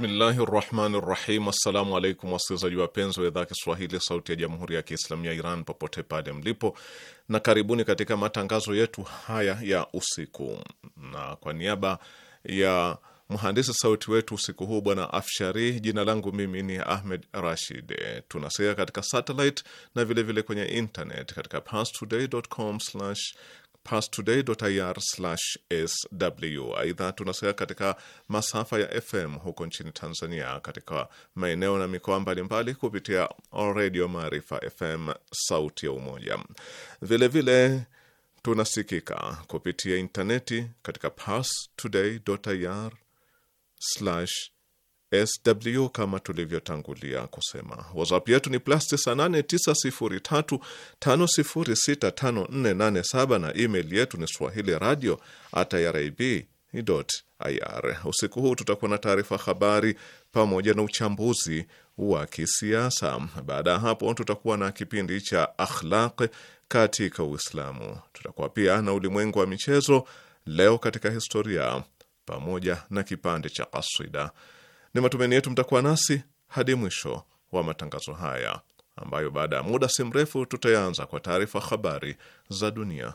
Bismillahi rahmani rahim. Assalamu alaikum wasikilizaji wapenzi wa idhaa ya Kiswahili sauti ya jamhuri ya Kiislamu ya Iran popote pale mlipo, na karibuni katika matangazo yetu haya ya usiku. Na kwa niaba ya mhandisi sauti wetu usiku huu Bwana Afshari, jina langu mimi ni Ahmed Rashid. tunasikika katika satellite na vilevile vile kwenye internet katika parstoday.com pastoday.ir/sw. Aidha, tunasikia katika masafa ya FM huko nchini Tanzania, katika maeneo na mikoa mbalimbali kupitia Redio Maarifa FM, sauti ya Umoja. Vilevile vile, tunasikika kupitia intaneti katika pastoday.ir sw kama tulivyotangulia kusema. WhatsApp yetu ni plus 989035065487 na email yetu ni swahili radio at irib ir. Usiku huu tutakuwa na taarifa habari pamoja na uchambuzi wa kisiasa. Baada ya hapo, tutakuwa na kipindi cha akhlaq katika Uislamu. Tutakuwa pia na ulimwengu wa michezo, leo katika historia, pamoja na kipande cha kaswida. Ni matumaini yetu mtakuwa nasi hadi mwisho wa matangazo haya ambayo baada ya muda si mrefu tutayaanza kwa taarifa habari za dunia.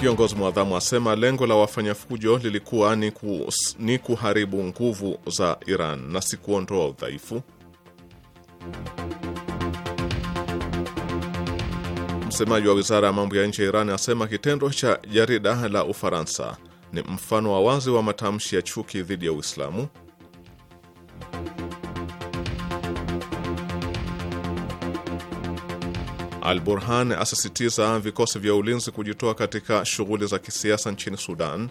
Kiongozi mwadhamu asema lengo la wafanya fujo lilikuwa ni, ku, ni kuharibu nguvu za Iran na si kuondoa udhaifu. Msemaji wa wizara ya mambo ya nje ya Iran asema kitendo cha jarida la Ufaransa ni mfano wa wazi wa matamshi ya chuki dhidi ya Uislamu. Al Burhan asisitiza vikosi vya ulinzi kujitoa katika shughuli za kisiasa nchini Sudan.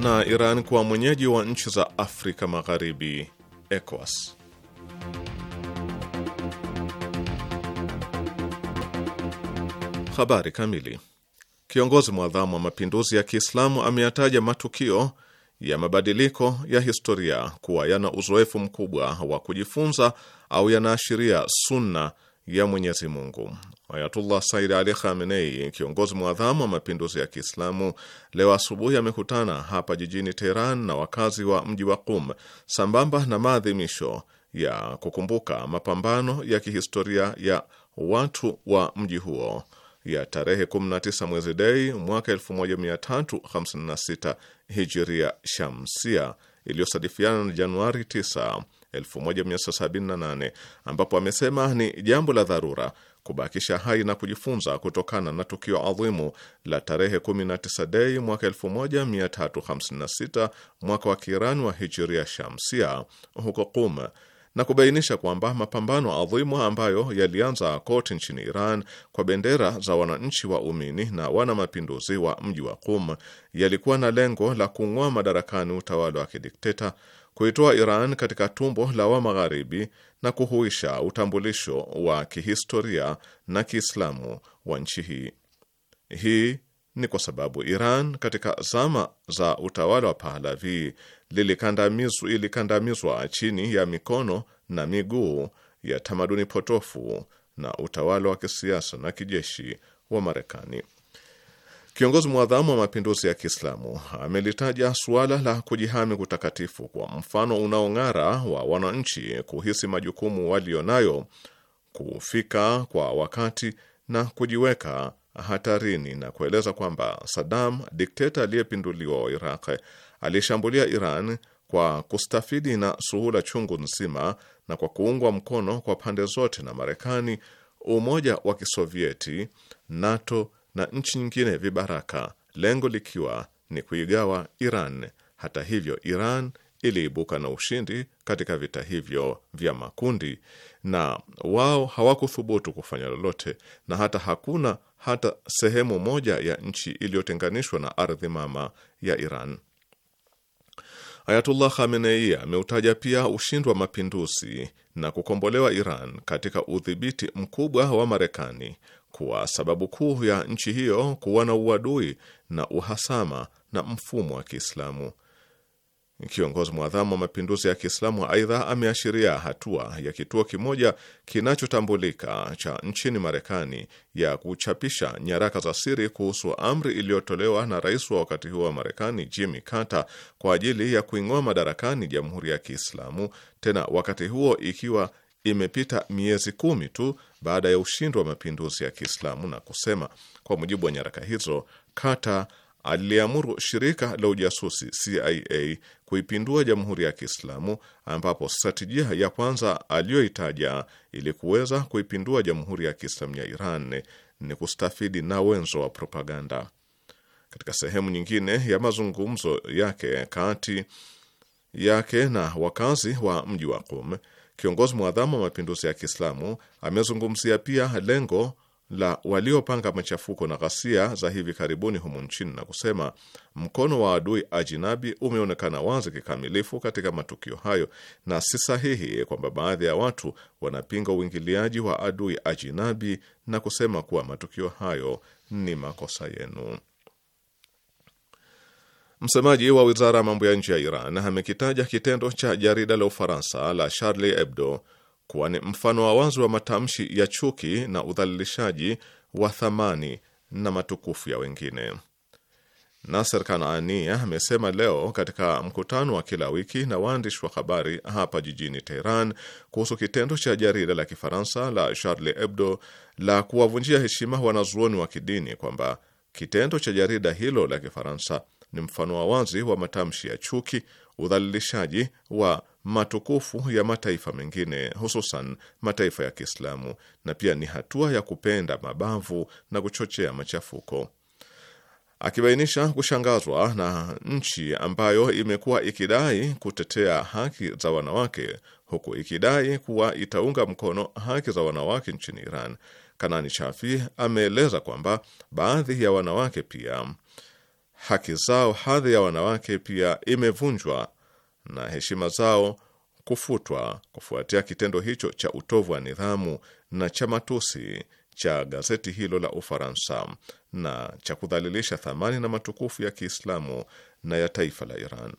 Na Iran kuwa mwenyeji wa nchi za Afrika Magharibi ECOWAS. Habari kamili. Kiongozi mwadhamu wa mapinduzi ya Kiislamu ameyataja matukio ya mabadiliko ya historia kuwa yana uzoefu mkubwa wa kujifunza au yanaashiria sunna ya Mwenyezi Mungu. Ayatullah Said Ali Khamenei, kiongozi mwadhamu wa mapinduzi ya Kiislamu, leo asubuhi amekutana hapa jijini Teheran na wakazi wa mji wa Qum sambamba na maadhimisho ya kukumbuka mapambano ya kihistoria ya watu wa mji huo ya tarehe 19 mwezi Dei mwaka 1356 hijiria shamsia iliyosadifiana na Januari 9, 1978 ambapo amesema ni jambo la dharura kubakisha hai na kujifunza kutokana na tukio adhimu la tarehe 19 Dei mwaka 1356 mwaka wa Kiirani wa hijiria shamsia huko Qum na kubainisha kwamba mapambano adhimu ambayo yalianza kote nchini Iran kwa bendera za wananchi wa umini na wana mapinduzi wa mji wa Qum yalikuwa na lengo la kung'oa madarakani utawala wa kidikteta, kuitoa Iran katika tumbo la wa magharibi na kuhuisha utambulisho wa kihistoria na Kiislamu wa nchi hii. Hii ni kwa sababu Iran katika zama za utawala wa Pahlavi lilikandamizwa ilikandamizwa chini ya mikono na miguu ya tamaduni potofu na utawala wa kisiasa na kijeshi wa Marekani. Kiongozi mwadhamu wa mapinduzi ya Kiislamu amelitaja suala la kujihami kutakatifu kwa mfano unaong'ara wa wananchi kuhisi majukumu walionayo, kufika kwa wakati na kujiweka hatarini, na kueleza kwamba Saddam, dikteta aliyepinduliwa wa Iraq, alishambulia Iran kwa kustafidi na suhula chungu nzima na kwa kuungwa mkono kwa pande zote na Marekani, Umoja wa Kisovieti, NATO na nchi nyingine vibaraka, lengo likiwa ni kuigawa Iran. Hata hivyo, Iran iliibuka na ushindi katika vita hivyo vya makundi, na wao hawakuthubutu kufanya lolote, na hata hakuna hata sehemu moja ya nchi iliyotenganishwa na ardhi mama ya Iran. Ayatullah Khamenei ameutaja pia ushindi wa mapinduzi na kukombolewa Iran katika udhibiti mkubwa wa Marekani kuwa sababu kuu ya nchi hiyo kuwa na uadui na uhasama na mfumo wa Kiislamu. Kiongozi mwadhamu wa mapinduzi ya Kiislamu aidha ameashiria hatua ya kituo kimoja kinachotambulika cha nchini Marekani ya kuchapisha nyaraka za siri kuhusu amri iliyotolewa na rais wa wakati huo wa Marekani Jimmy Carter kwa ajili ya kuing'oa madarakani Jamhuri ya Kiislamu, tena wakati huo ikiwa imepita miezi kumi tu baada ya ushindi wa mapinduzi ya Kiislamu, na kusema kwa mujibu wa nyaraka hizo Carter aliamuru shirika la ujasusi CIA kuipindua Jamhuri ya Kiislamu, ambapo stratejia ya kwanza aliyoitaja ili kuweza kuipindua Jamhuri ya Kiislamu ya Iran ni kustafidi na wenzo wa propaganda. Katika sehemu nyingine ya mazungumzo yake kati yake na wakazi wa mji wa Qum, kiongozi mwadhamu wa mapinduzi ya Kiislamu amezungumzia pia lengo la waliopanga machafuko na ghasia za hivi karibuni humu nchini na kusema mkono wa adui ajinabi umeonekana wazi kikamilifu katika matukio hayo, na si sahihi kwamba baadhi ya watu wanapinga uingiliaji wa adui ajinabi na kusema kuwa matukio hayo ni makosa yenu. Msemaji wa wizara ya mambo ya nje ya Iran amekitaja kitendo cha jarida la Ufaransa la Charlie Hebdo kuwa ni mfano wa wazi wa matamshi ya chuki na udhalilishaji wa thamani na matukufu ya wengine. Nasser Kanaani amesema leo katika mkutano wa kila wiki na waandishi wa habari hapa jijini Teheran kuhusu kitendo cha jarida la Kifaransa la Charlie Hebdo la kuwavunjia heshima wanazuoni wa kidini kwamba kitendo cha jarida hilo la Kifaransa ni mfano wa wazi wa matamshi ya chuki, udhalilishaji wa matukufu ya mataifa mengine hususan mataifa ya Kiislamu na pia ni hatua ya kupenda mabavu na kuchochea machafuko. Akibainisha kushangazwa na nchi ambayo imekuwa ikidai kutetea haki za wanawake huku ikidai kuwa itaunga mkono haki za wanawake nchini Iran, Kanani Chafi ameeleza kwamba baadhi ya wanawake pia haki zao, hadhi ya wanawake pia imevunjwa na heshima zao kufutwa kufuatia kitendo hicho cha utovu wa nidhamu na cha matusi cha gazeti hilo la Ufaransa na cha kudhalilisha thamani na matukufu ya Kiislamu na ya taifa la Iran.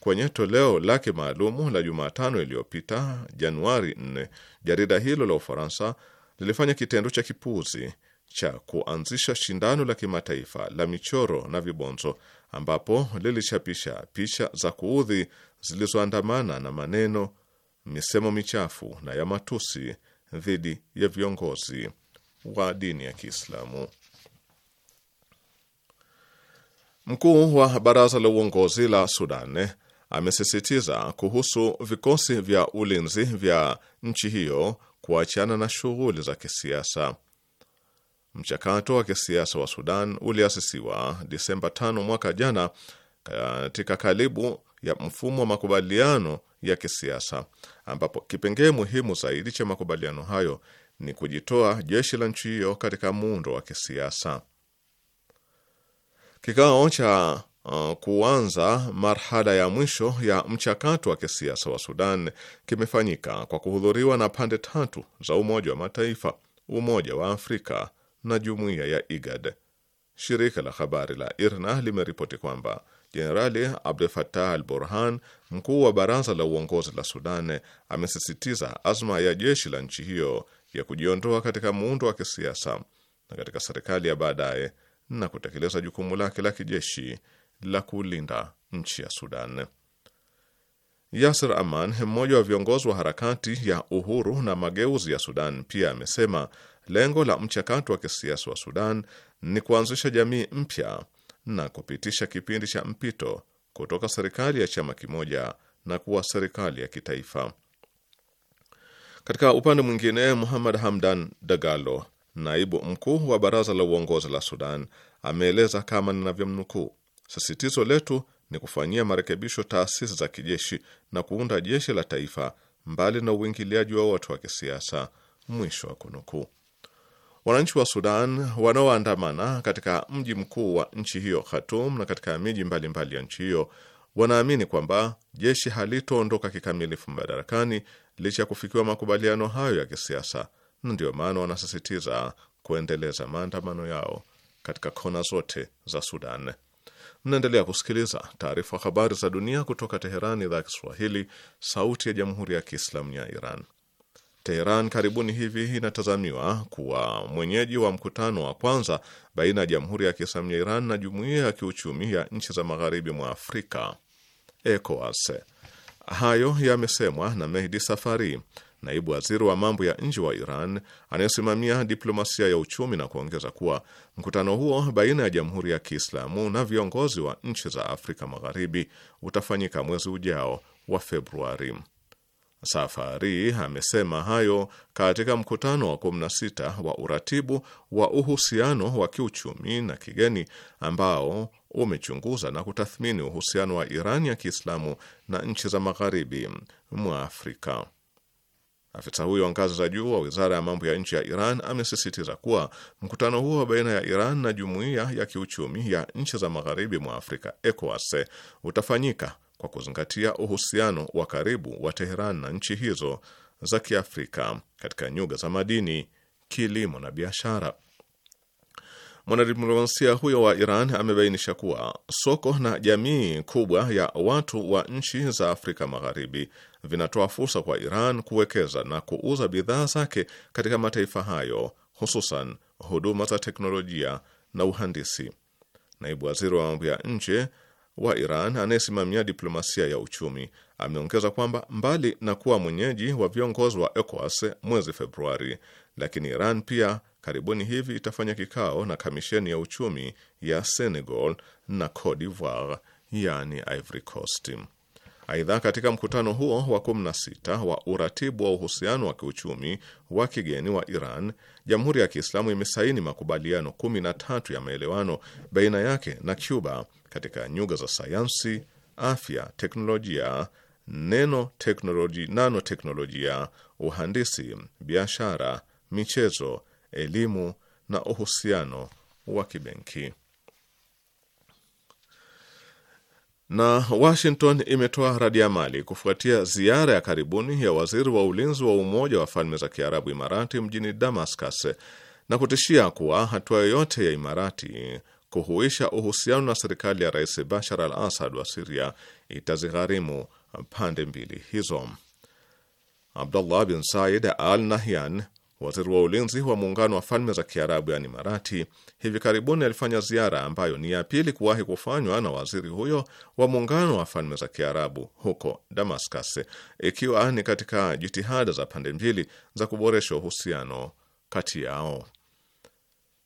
Kwenye toleo lake maalumu la Jumatano iliyopita Januari 4, jarida hilo la Ufaransa lilifanya kitendo cha kipuuzi cha kuanzisha shindano la kimataifa la michoro na vibonzo ambapo lilichapisha picha za kuudhi zilizoandamana na maneno, misemo michafu na ya matusi dhidi ya viongozi wa dini ya Kiislamu. Mkuu wa baraza la uongozi la Sudan amesisitiza kuhusu vikosi vya ulinzi vya nchi hiyo kuachana na shughuli za kisiasa. Mchakato wa kisiasa wa Sudan uliasisiwa Disemba 5 mwaka jana katika karibu ya mfumo wa makubaliano ya kisiasa ambapo kipengee muhimu zaidi cha makubaliano hayo ni kujitoa jeshi la nchi hiyo katika muundo wa kisiasa. Kikao cha uh, kuanza marhala ya mwisho ya mchakato wa kisiasa wa Sudan kimefanyika kwa kuhudhuriwa na pande tatu za Umoja wa Mataifa, Umoja wa Afrika na Jumuiya ya IGAD. Shirika la habari la IRNA limeripoti kwamba Jenerali Abdel Fattah al Burhan, mkuu wa baraza la uongozi la Sudan, amesisitiza azma ya jeshi la nchi hiyo ya kujiondoa katika muundo wa kisiasa na katika serikali ya baadaye na kutekeleza jukumu lake la kijeshi la kulinda nchi ya Sudan. Yasir Aman, mmoja wa viongozi wa harakati ya uhuru na mageuzi ya Sudan, pia amesema lengo la mchakato wa kisiasa wa Sudan ni kuanzisha jamii mpya na kupitisha kipindi cha mpito kutoka serikali ya chama kimoja na kuwa serikali ya kitaifa. Katika upande mwingine, Muhammad Hamdan Dagalo, naibu mkuu wa baraza la uongozi la Sudan, ameeleza kama ninavyomnukuu: sisitizo letu ni kufanyia marekebisho taasisi za kijeshi na kuunda jeshi la taifa mbali na uingiliaji wa watu wa kisiasa. Mwisho wa kunukuu. Wananchi wa Sudan wanaoandamana katika mji mkuu wa nchi hiyo Khartoum na katika miji mbalimbali ya nchi hiyo wanaamini kwamba jeshi halitoondoka kikamilifu madarakani licha ya kufikiwa makubaliano hayo ya kisiasa, na ndiyo maana wanasisitiza kuendeleza maandamano yao katika kona zote za Sudan. Mnaendelea kusikiliza taarifa habari za dunia kutoka Teherani, idhaa ya Kiswahili, sauti ya jamhuri ya kiislamu ya Iran. Teheran karibuni hivi inatazamiwa kuwa mwenyeji wa mkutano wa kwanza baina ya Jamhuri ya Kiislamu ya Iran na Jumuiya ya Kiuchumi ya Nchi za Magharibi mwa Afrika ECOWAS. Hayo yamesemwa na Mehdi Safari, naibu waziri wa mambo ya nje wa Iran anayesimamia diplomasia ya uchumi, na kuongeza kuwa mkutano huo baina ya Jamhuri ya Kiislamu na viongozi wa nchi za Afrika Magharibi utafanyika mwezi ujao wa Februari. Safari amesema hayo katika mkutano wa 16 wa uratibu wa uhusiano wa kiuchumi na kigeni ambao umechunguza na kutathmini uhusiano wa Iran ya Kiislamu na nchi za magharibi mwa Afrika. Afisa huyo wa ngazi za juu wa wizara ya mambo ya nje ya Iran amesisitiza kuwa mkutano huo baina ya Iran na jumuiya ya kiuchumi ya nchi za magharibi mwa Afrika, ECOWAS, utafanyika kwa kuzingatia uhusiano wa karibu wa Teheran na nchi hizo za Kiafrika katika nyuga za madini, kilimo na biashara. Mwanadiplomasia huyo wa Iran amebainisha kuwa soko na jamii kubwa ya watu wa nchi za Afrika Magharibi vinatoa fursa kwa Iran kuwekeza na kuuza bidhaa zake katika mataifa hayo, hususan huduma za teknolojia na uhandisi. Naibu waziri wa mambo ya nje wa Iran anayesimamia diplomasia ya uchumi ameongeza kwamba mbali na kuwa mwenyeji wa viongozi wa ECOWAS mwezi Februari, lakini Iran pia karibuni hivi itafanya kikao na kamisheni ya uchumi ya Senegal na Cote d'Ivoire, yani Ivory Coast. Aidha, katika mkutano huo wa 16 wa uratibu wa uhusiano wa kiuchumi wa kigeni wa Iran, Jamhuri ya Kiislamu imesaini makubaliano 13 ya maelewano baina yake na Cuba katika nyuga za sayansi, afya, teknolojia, neno teknoloji, nanoteknolojia, uhandisi, biashara, michezo, elimu na uhusiano wa kibenki. Na Washington imetoa radiamali kufuatia ziara ya karibuni ya waziri wa ulinzi wa Umoja wa Falme za Kiarabu Imarati mjini Damascus na kutishia kuwa hatua yoyote ya Imarati kuhuisha uhusiano na serikali ya Rais Bashar al Assad wa Siria itazigharimu pande mbili hizo. Abdullah bin Said al Nahyan, waziri wa ulinzi wa Muungano wa Falme za Kiarabu yani Marati, hivi karibuni alifanya ziara ambayo ni ya pili kuwahi kufanywa na waziri huyo wa Muungano wa Falme za Kiarabu huko Damascus, ikiwa ni katika jitihada za pande mbili za kuboresha uhusiano kati yao.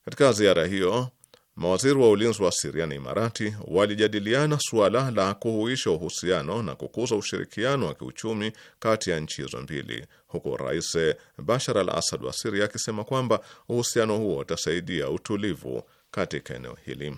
Katika ziara hiyo Mawaziri wa ulinzi wa Siria na Imarati walijadiliana suala la kuhuisha uhusiano na kukuza ushirikiano wa kiuchumi kati ya nchi hizo mbili, huku Rais Bashar al Asad wa Siria akisema kwamba uhusiano huo utasaidia utulivu katika eneo hili.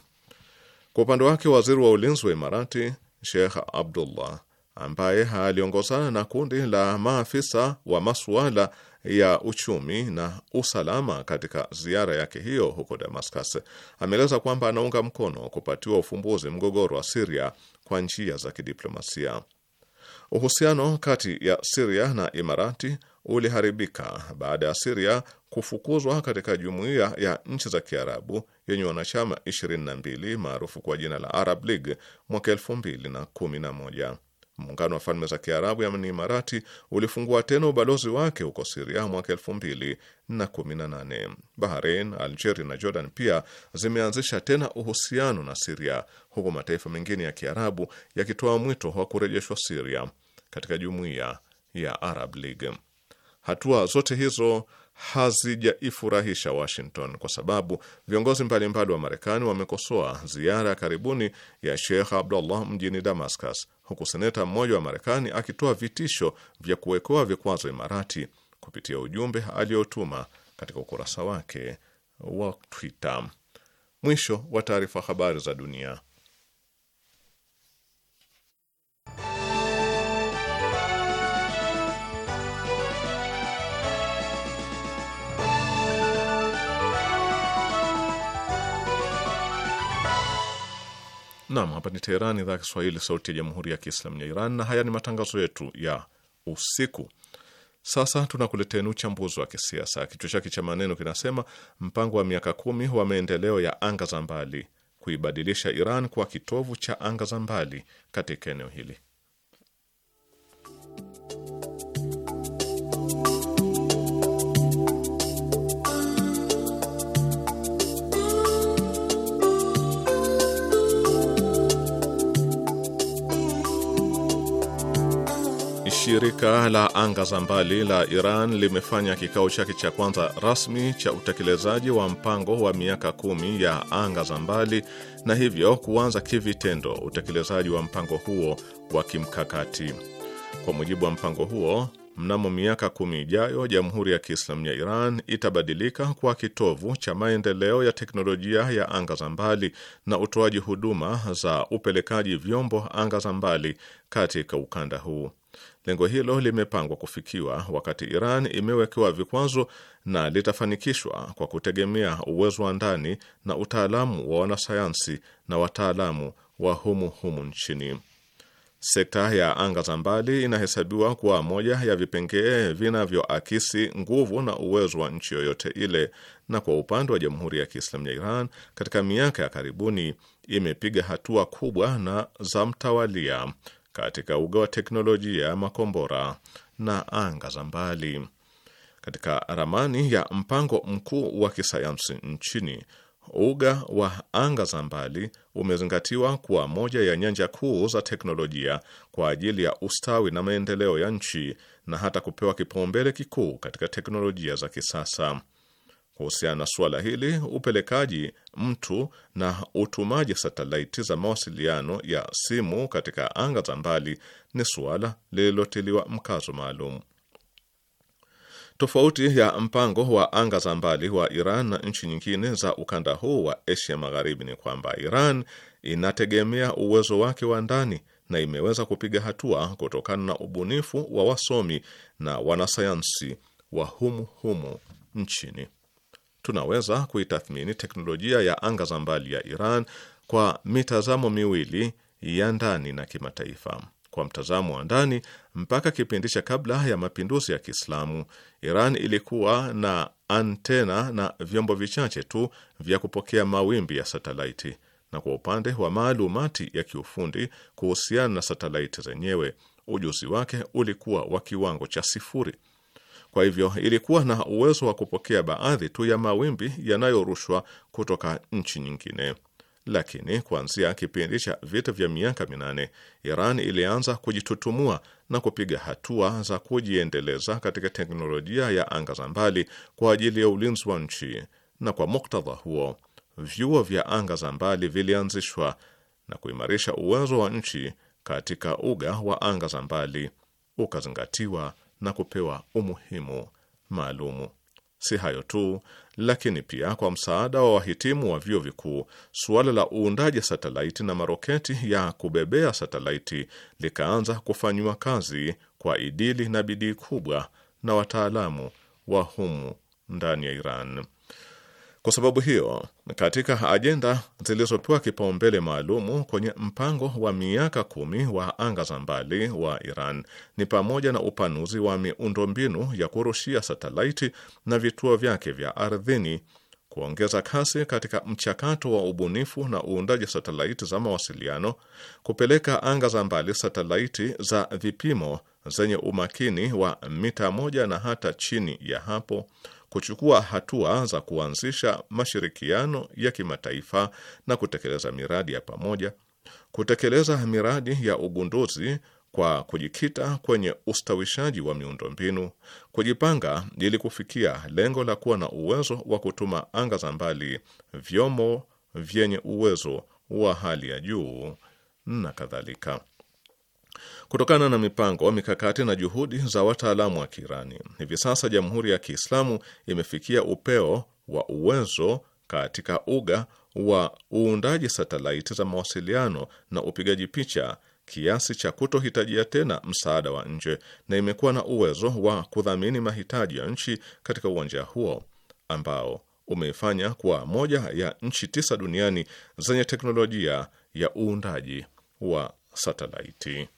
Kwa upande wake, waziri wa ulinzi wa Imarati Sheikh Abdullah ambaye aliongozana na kundi la maafisa wa masuala ya uchumi na usalama katika ziara yake hiyo huko Damascus ameeleza kwamba anaunga mkono kupatiwa ufumbuzi mgogoro wa Siria kwa njia za kidiplomasia. Uhusiano kati ya Siria na Imarati uliharibika baada ya Siria kufukuzwa katika jumuiya ya nchi za Kiarabu yenye wanachama 22 maarufu kwa jina la Arab League mwaka 2011. Muungano wa Falme za Kiarabu yaani Imarati ulifungua tena ubalozi wake huko Siria mwaka elfu mbili na kumi na nane. Bahrain, Algeria na Jordan pia zimeanzisha tena uhusiano na Siria, huku mataifa mengine ya Kiarabu yakitoa mwito wa kurejeshwa Siria katika jumuiya ya Arab League. Hatua zote hizo hazijaifurahisha Washington kwa sababu viongozi mbalimbali wa Marekani wamekosoa ziara ya karibuni ya Sheikh Abdullah mjini Damascus huku seneta mmoja wa Marekani akitoa vitisho vya kuwekewa vikwazo Imarati kupitia ujumbe aliyotuma katika ukurasa wake wa Twitter. Mwisho wa taarifa. Habari za dunia. Naam, hapa ni Teherani, idhaa ya Kiswahili, sauti ya jamhuri ya kiislamu ya Iran, na haya ni matangazo yetu ya usiku. Sasa tunakuleteni uchambuzi wa kisiasa, kichwa chake cha maneno kinasema mpango wa miaka kumi wa maendeleo ya anga za mbali kuibadilisha Iran kuwa kitovu cha anga za mbali katika eneo hili. Shirika la anga za mbali la Iran limefanya kikao chake cha kwanza rasmi cha utekelezaji wa mpango wa miaka kumi ya anga za mbali na hivyo kuanza kivitendo utekelezaji wa mpango huo wa kimkakati. Kwa mujibu wa mpango huo, mnamo miaka kumi ijayo, Jamhuri ya Kiislamu ya Iran itabadilika kwa kitovu cha maendeleo ya teknolojia ya anga za mbali na utoaji huduma za upelekaji vyombo anga za mbali katika ukanda huu. Lengo hilo limepangwa kufikiwa wakati Iran imewekewa vikwazo na litafanikishwa kwa kutegemea uwezo wa ndani na utaalamu wa wanasayansi na wataalamu wa humu humu nchini. Sekta ya anga za mbali inahesabiwa kuwa moja ya vipengee vinavyoakisi nguvu na uwezo wa nchi yoyote ile, na kwa upande wa Jamhuri ya Kiislamu ya Iran, katika miaka ya karibuni imepiga hatua kubwa na za mtawalia katika uga wa teknolojia, makombora na anga za mbali. Katika ramani ya mpango mkuu wa kisayansi nchini, uga wa anga za mbali umezingatiwa kuwa moja ya nyanja kuu za teknolojia kwa ajili ya ustawi na maendeleo ya nchi na hata kupewa kipaumbele kikuu katika teknolojia za kisasa. Kuhusiana na suala hili, upelekaji mtu na utumaji satelaiti za mawasiliano ya simu katika anga za mbali ni suala lililotiliwa mkazo maalum. Tofauti ya mpango wa anga za mbali wa Iran na nchi nyingine za ukanda huu wa Asia Magharibi ni kwamba Iran inategemea uwezo wake wa ndani na imeweza kupiga hatua kutokana na ubunifu wa wasomi na wanasayansi wa humu humu nchini tunaweza kuitathmini teknolojia ya anga za mbali ya Iran kwa mitazamo miwili ya ndani na kimataifa. Kwa mtazamo wa ndani, mpaka kipindi cha kabla ya mapinduzi ya Kiislamu, Iran ilikuwa na antena na vyombo vichache tu vya kupokea mawimbi ya satelaiti, na kwa upande wa maalumati ya kiufundi kuhusiana na satelaiti zenyewe, ujuzi wake ulikuwa wa kiwango cha sifuri. Kwa hivyo ilikuwa na uwezo wa kupokea baadhi tu ya mawimbi yanayorushwa kutoka nchi nyingine. Lakini kuanzia kipindi cha vita vya miaka minane, Iran ilianza kujitutumua na kupiga hatua za kujiendeleza katika teknolojia ya anga za mbali kwa ajili ya ulinzi wa nchi, na kwa muktadha huo vyuo vya anga za mbali vilianzishwa na kuimarisha uwezo wa nchi katika uga wa anga za mbali ukazingatiwa na kupewa umuhimu maalumu. Si hayo tu, lakini pia kwa msaada wa wahitimu wa vyuo vikuu, suala la uundaji satelaiti na maroketi ya kubebea satelaiti likaanza kufanyiwa kazi kwa idili na bidii kubwa na wataalamu wa humu ndani ya Iran. Kwa sababu hiyo, katika ajenda zilizopewa kipaumbele maalumu kwenye mpango wa miaka kumi wa anga za mbali wa Iran ni pamoja na upanuzi wa miundombinu ya kurushia satelaiti na vituo vyake vya ardhini, kuongeza kasi katika mchakato wa ubunifu na uundaji satelaiti za mawasiliano, kupeleka anga za mbali satelaiti za vipimo zenye umakini wa mita moja na hata chini ya hapo kuchukua hatua za kuanzisha mashirikiano ya kimataifa na kutekeleza miradi ya pamoja, kutekeleza miradi ya ugunduzi kwa kujikita kwenye ustawishaji wa miundombinu, kujipanga ili kufikia lengo la kuwa na uwezo wa kutuma anga za mbali vyomo vyenye uwezo wa hali ya juu na kadhalika. Kutokana na mipango, mikakati na juhudi za wataalamu wa Kiirani, hivi sasa Jamhuri ya Kiislamu imefikia upeo wa uwezo katika uga wa uundaji satelaiti za mawasiliano na upigaji picha kiasi cha kutohitajia tena msaada wa nje na imekuwa na uwezo wa kudhamini mahitaji ya nchi katika uwanja huo ambao umeifanya kuwa moja ya nchi tisa duniani zenye teknolojia ya uundaji wa satelaiti.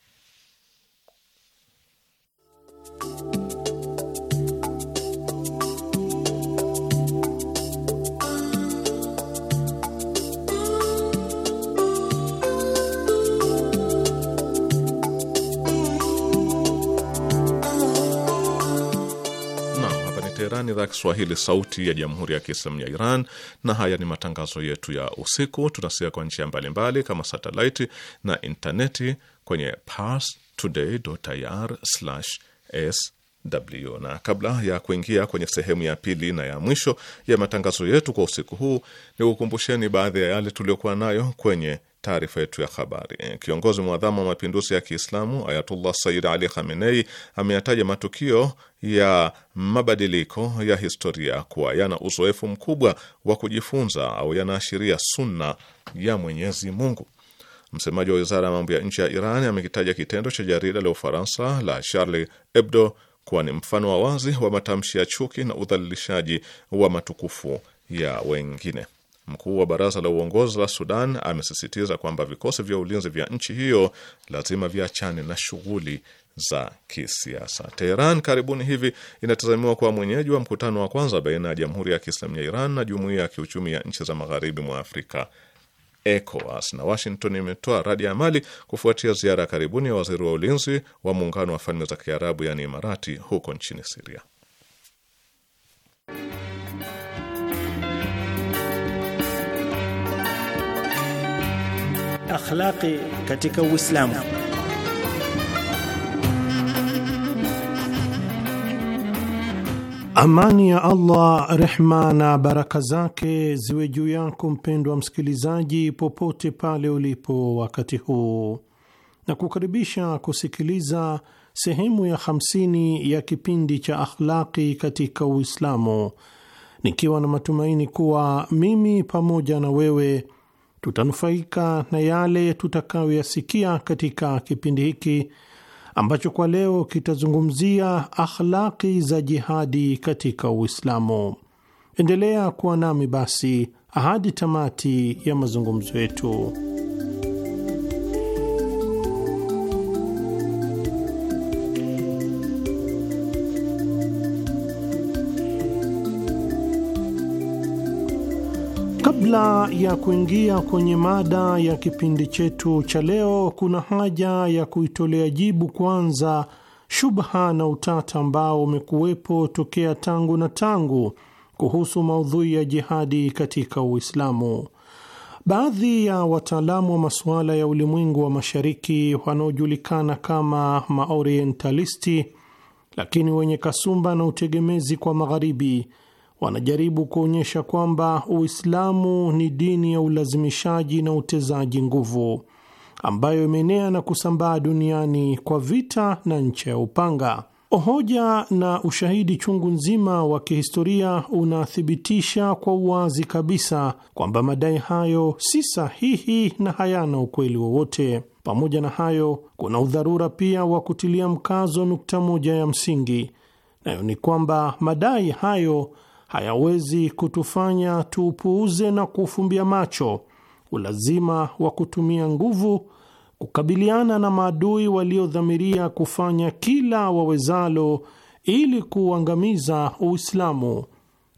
Idhaa Kiswahili sauti ya jamhuri ya kiislamu ya Iran. Na haya ni matangazo yetu ya usiku. Tunasikia kwa njia mbalimbali kama satelaiti na intaneti kwenye parstoday.ir sw. Na kabla ya kuingia kwenye sehemu ya pili na ya mwisho ya matangazo yetu kwa usiku huu, ni kukumbusheni baadhi ya yale tuliyokuwa nayo kwenye taarifa yetu ya habari. Kiongozi mwadhamu wa mapinduzi ya Kiislamu Ayatullah Sayyid Ali Khamenei ameyataja matukio ya mabadiliko ya historia kuwa yana uzoefu mkubwa wa kujifunza au yanaashiria sunna ya Mwenyezi Mungu. Msemaji wa wizara ya mambo ya nje ya Iran amekitaja kitendo cha jarida la Ufaransa la Charlie Hebdo kuwa ni mfano wa wazi wa matamshi ya chuki na udhalilishaji wa matukufu ya wengine. Mkuu wa baraza la uongozi la Sudan amesisitiza kwamba vikosi vya ulinzi vya nchi hiyo lazima viachane na shughuli za kisiasa. Teheran karibuni hivi inatazamiwa kuwa mwenyeji wa mkutano wa kwanza baina ya Jamhuri ya Kiislamu ya Iran na Jumuiya ya Kiuchumi ya Nchi za Magharibi mwa Afrika ECOWAS na Washington imetoa radi ya mali kufuatia ziara ya karibuni ya waziri wa ulinzi wa muungano wa falme za Kiarabu yaani Imarati huko nchini Siria. Akhlaqi katika Uislamu. Amani ya Allah, rehma na baraka zake ziwe juu yako mpendwa msikilizaji, popote pale ulipo wakati huu, na kukaribisha kusikiliza sehemu ya hamsini ya kipindi cha Akhlaqi katika Uislamu, nikiwa na matumaini kuwa mimi pamoja na wewe tutanufaika na yale tutakayoyasikia katika kipindi hiki ambacho kwa leo kitazungumzia akhlaki za jihadi katika Uislamu. Endelea kuwa nami basi hadi tamati ya mazungumzo yetu. Kabla ya kuingia kwenye mada ya kipindi chetu cha leo, kuna haja ya kuitolea jibu kwanza shubha na utata ambao umekuwepo tokea tangu na tangu kuhusu maudhui ya jihadi katika Uislamu. Baadhi ya wataalamu wa masuala ya ulimwengu wa mashariki wanaojulikana kama maorientalisti, lakini wenye kasumba na utegemezi kwa magharibi wanajaribu kuonyesha kwamba Uislamu ni dini ya ulazimishaji na utezaji nguvu ambayo imeenea na kusambaa duniani kwa vita na ncha ya upanga. Hoja na ushahidi chungu nzima wa kihistoria unathibitisha kwa uwazi kabisa kwamba madai hayo si sahihi na hayana ukweli wowote. Pamoja na hayo, kuna udharura pia wa kutilia mkazo nukta moja ya msingi, nayo ni kwamba madai hayo hayawezi kutufanya tuupuuze na kufumbia macho ulazima wa kutumia nguvu kukabiliana na maadui waliodhamiria kufanya kila wawezalo ili kuuangamiza Uislamu,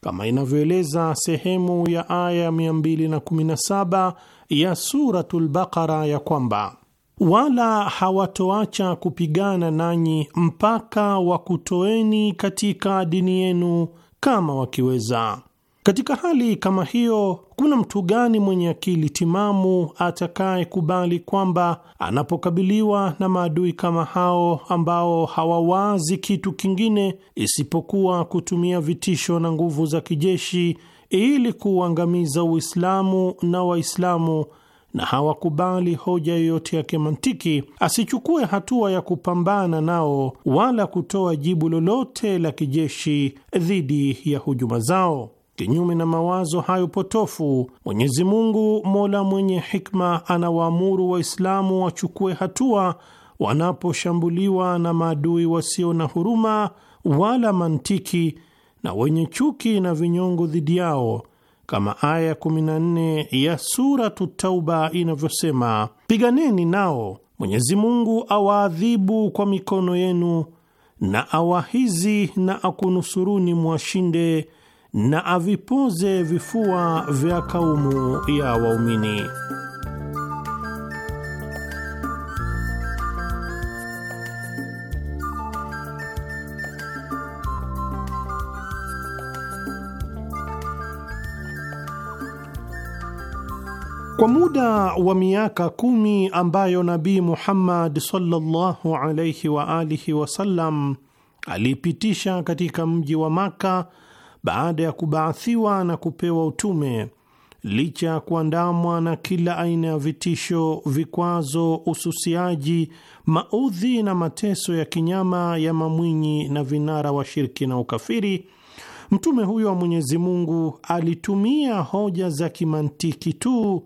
kama inavyoeleza sehemu ya aya 217 ya Suratul Baqara ya kwamba wala hawatoacha kupigana nanyi mpaka wakutoeni katika dini yenu kama wakiweza. Katika hali kama hiyo, kuna mtu gani mwenye akili timamu atakayekubali kwamba anapokabiliwa na maadui kama hao ambao hawawazi kitu kingine isipokuwa kutumia vitisho na nguvu za kijeshi ili kuuangamiza Uislamu na Waislamu na hawakubali hoja yoyote ya kimantiki, asichukue hatua ya kupambana nao wala kutoa jibu lolote la kijeshi dhidi ya hujuma zao. Kinyume na mawazo hayo potofu, Mwenyezi Mungu Mola mwenye hikma anawaamuru Waislamu wachukue hatua wanaposhambuliwa na maadui wasio na huruma wala mantiki na wenye chuki na vinyongo dhidi yao kama aya ya 14 ya Suratu Tauba inavyosema, piganeni nao, Mwenyezi Mungu awaadhibu kwa mikono yenu na awahizi na akunusuruni mwashinde na avipoze vifua vya kaumu ya waumini. Kwa muda wa miaka kumi ambayo Nabii Muhammad sallallahu alaihi wa alihi wasallam aliipitisha katika mji wa Maka baada ya kubaathiwa na kupewa utume, licha ya kuandamwa na kila aina ya vitisho, vikwazo, ususiaji, maudhi na mateso ya kinyama ya mamwinyi na vinara wa shirki na ukafiri, mtume huyo wa Mwenyezi Mungu alitumia hoja za kimantiki tu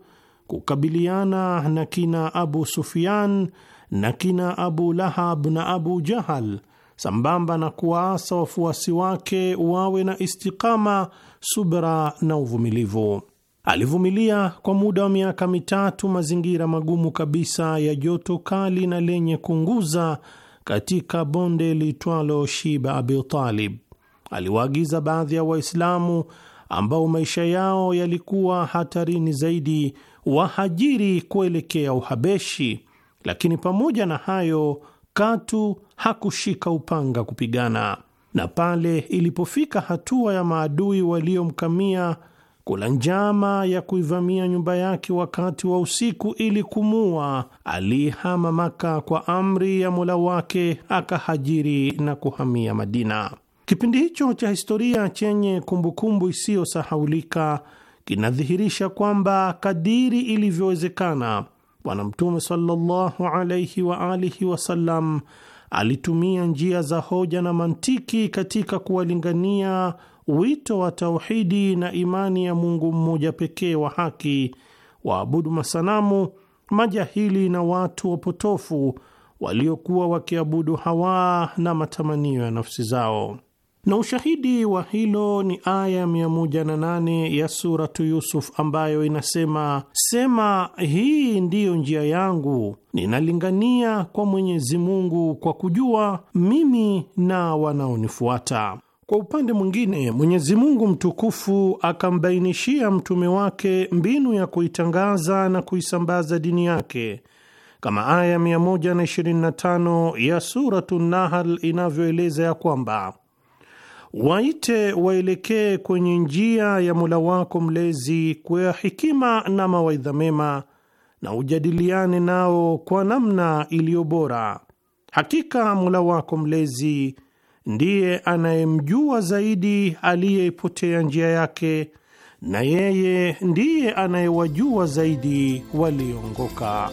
kukabiliana na kina Abu Sufyan na kina Abu Lahab na Abu Jahal, sambamba na kuwaasa wafuasi wake wawe na istikama, subra na uvumilivu. Alivumilia kwa muda wa miaka mitatu mazingira magumu kabisa ya joto kali na lenye kunguza katika bonde litwalo Shiba Abi Talib. Aliwaagiza baadhi ya Waislamu ambao maisha yao yalikuwa hatarini zaidi wahajiri kuelekea Uhabeshi, lakini pamoja na hayo katu hakushika upanga kupigana, na pale ilipofika hatua ya maadui waliomkamia kula njama ya kuivamia nyumba yake wakati wa usiku ili kumua, aliyehama Maka kwa amri ya Mola wake, akahajiri na kuhamia Madina. Kipindi hicho cha historia chenye kumbukumbu isiyosahaulika kinadhihirisha kwamba kadiri ilivyowezekana Bwana Mtume sallallahu alaihi wa alihi wasallam alitumia njia za hoja na mantiki katika kuwalingania wito wa tauhidi na imani ya Mungu mmoja pekee wa haki, waabudu masanamu, majahili na watu wapotofu waliokuwa wakiabudu hawa na matamanio ya nafsi zao na ushahidi wa hilo ni aya nane ya suratu Yusuf ambayo inasema, sema hii ndiyo njia yangu, ninalingania kwa Mwenyezi Mungu kwa kujua mimi na wanaonifuata. Kwa upande mwingine, Mwenyezi Mungu mtukufu akambainishia mtume wake mbinu ya kuitangaza na kuisambaza dini yake kama aya 125 ya suratu Nahal inavyoeleza ya kwamba Waite waelekee kwenye njia ya Mola wako mlezi kwa hikima na mawaidha mema, na ujadiliane nao kwa namna iliyo bora. Hakika Mola wako mlezi ndiye anayemjua zaidi aliyeipotea njia yake, na yeye ndiye anayewajua zaidi walioongoka.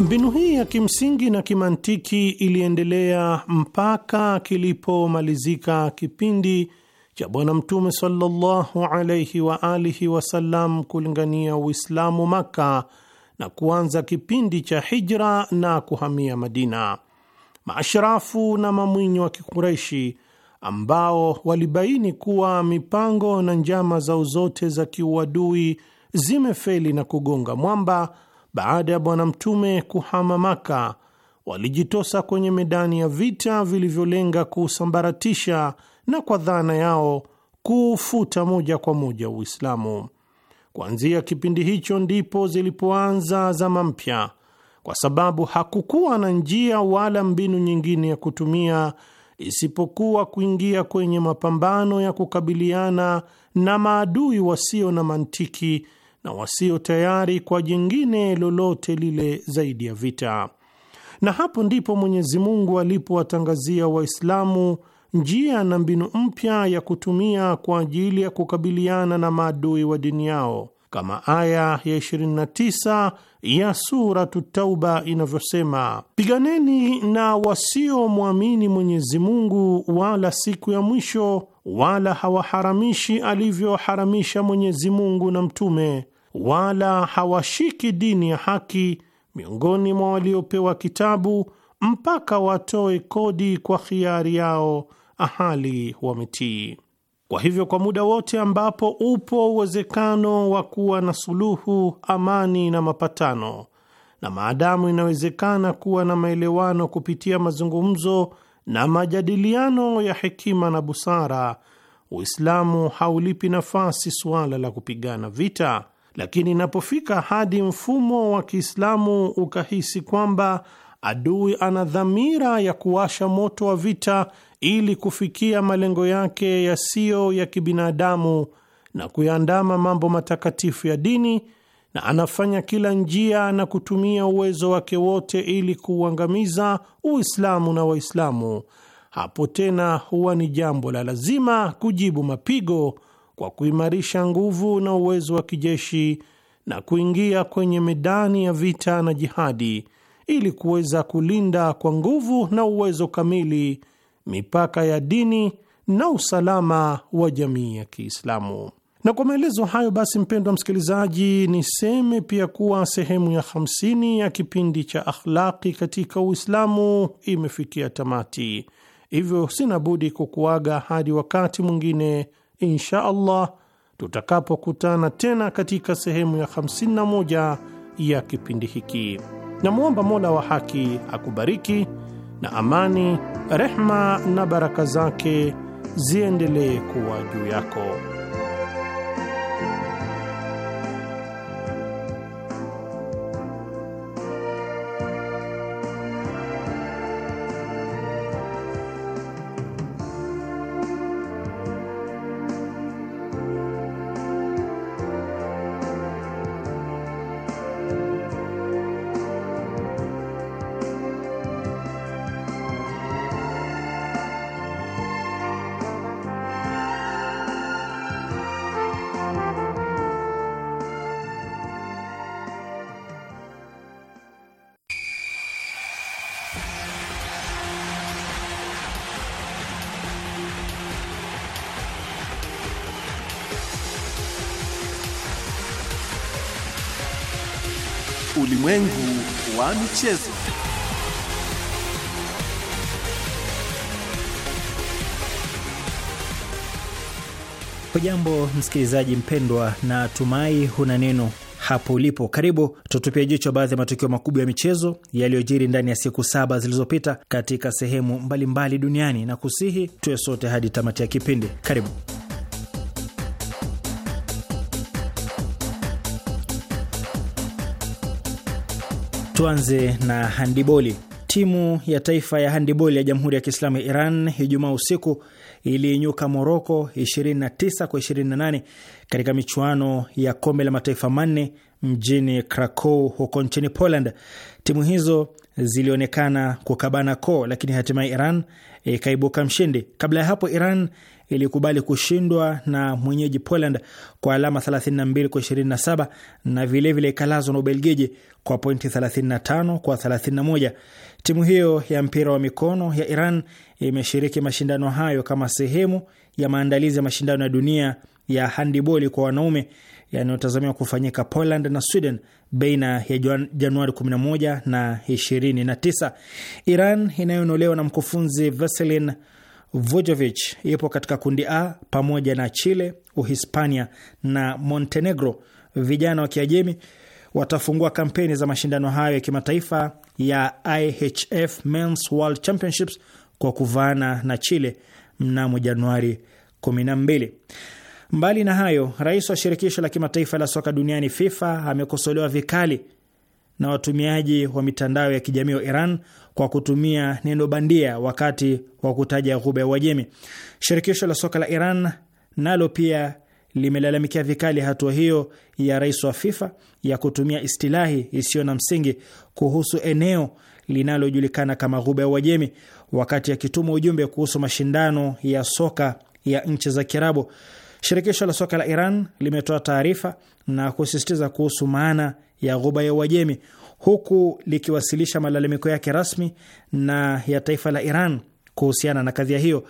Mbinu hii ya kimsingi na kimantiki iliendelea mpaka kilipomalizika kipindi cha Bwana Mtume sallallahu alaihi wa alihi wasallam kulingania Uislamu Makka na kuanza kipindi cha hijra na kuhamia Madina. Maashrafu na mamwinyi wa Kikureishi ambao walibaini kuwa mipango na njama zao zote za kiuadui zimefeli na kugonga mwamba baada ya Bwana Mtume kuhama Maka, walijitosa kwenye medani ya vita vilivyolenga kuusambaratisha na kwa dhana yao kuufuta moja kwa moja Uislamu. Kuanzia kipindi hicho ndipo zilipoanza zama mpya, kwa sababu hakukuwa na njia wala mbinu nyingine ya kutumia isipokuwa kuingia kwenye mapambano ya kukabiliana na maadui wasio na mantiki na wasio tayari kwa jingine lolote lile zaidi ya vita. Na hapo ndipo Mwenyezi Mungu alipowatangazia Waislamu njia na mbinu mpya ya kutumia kwa ajili ya kukabiliana na maadui wa dini yao, kama aya ya 29 ya Suratu Tauba inavyosema: piganeni na wasiomwamini Mwenyezi Mungu wala siku ya mwisho, wala hawaharamishi alivyoharamisha Mwenyezi Mungu na mtume wala hawashiki dini ya haki miongoni mwa waliopewa kitabu mpaka watoe kodi kwa khiari yao ahali wametii. Kwa hivyo, kwa muda wote ambapo upo uwezekano wa kuwa na suluhu, amani na mapatano, na maadamu inawezekana kuwa na maelewano kupitia mazungumzo na majadiliano ya hekima na busara, Uislamu haulipi nafasi suala la kupigana vita lakini inapofika hadi mfumo wa Kiislamu ukahisi kwamba adui ana dhamira ya kuwasha moto wa vita ili kufikia malengo yake yasiyo ya kibinadamu na kuyaandama mambo matakatifu ya dini, na anafanya kila njia na kutumia uwezo wake wote ili kuuangamiza Uislamu na Waislamu, hapo tena huwa ni jambo la lazima kujibu mapigo kwa kuimarisha nguvu na uwezo wa kijeshi na kuingia kwenye medani ya vita na jihadi ili kuweza kulinda kwa nguvu na uwezo kamili mipaka ya dini na usalama wa jamii ya Kiislamu. Na kwa maelezo hayo basi, mpendwa msikilizaji, niseme pia kuwa sehemu ya 50 ya kipindi cha Akhlaqi katika Uislamu imefikia tamati, hivyo sina budi kukuaga hadi wakati mwingine insha Allah tutakapokutana tena katika sehemu ya 51 ya kipindi hiki. Namwomba Mola wa haki akubariki na amani, rehma na baraka zake ziendelee kuwa juu yako. Ulimwengu wa michezo. Hujambo msikilizaji mpendwa, na tumai huna neno hapo ulipo. Karibu tutupia jicho baadhi ya matukio makubwa ya michezo yaliyojiri ndani ya siku saba zilizopita katika sehemu mbalimbali mbali duniani, na kusihi tuwe sote hadi tamati ya kipindi. Karibu. Tuanze na handiboli. Timu ya taifa ya handiboli ya Jamhuri ya Kiislamu ya Iran Ijumaa usiku iliinyuka Moroko 29 kwa 28 katika michuano ya kombe la mataifa manne mjini Krakow huko nchini Poland. Timu hizo zilionekana kukabana koo, lakini hatimaye Iran ikaibuka e, mshindi. Kabla ya hapo, Iran ilikubali kushindwa na mwenyeji Poland kwa alama 32 kwa 27 na vilevile ikalazwa na Ubelgiji kwa pointi 35 kwa 31. Timu hiyo ya mpira wa mikono ya Iran imeshiriki mashindano hayo kama sehemu ya maandalizi ya mashindano ya dunia ya handiboli kwa wanaume yanayotazamiwa kufanyika Poland na Sweden baina ya Januari 11 na 29. Iran inayonolewa na mkufunzi Veselin Vujovic ipo katika kundi A pamoja na Chile, Uhispania na Montenegro. Vijana wa Kiajemi watafungua kampeni za mashindano hayo ya kimataifa ya IHF Men's World Championships kwa kuvaana na Chile mnamo Januari 12. Mbali na hayo, rais wa shirikisho la kimataifa la soka duniani FIFA amekosolewa vikali na watumiaji wa mitandao ya kijamii wa Iran kwa kutumia neno bandia wakati wa kutaja Ghuba ya Uajemi. Shirikisho la soka la Iran nalo pia limelalamikia vikali hatua hiyo ya rais wa FIFA ya kutumia istilahi isiyo na msingi kuhusu eneo linalojulikana kama Ghuba ya Uajemi wakati akituma ujumbe kuhusu mashindano ya soka ya nchi za Kiarabu. Shirikisho la soka la Iran limetoa taarifa na kusisitiza kuhusu maana ya Ghuba ya Uajemi, huku likiwasilisha malalamiko yake rasmi na ya taifa la Iran kuhusiana na kadhia hiyo.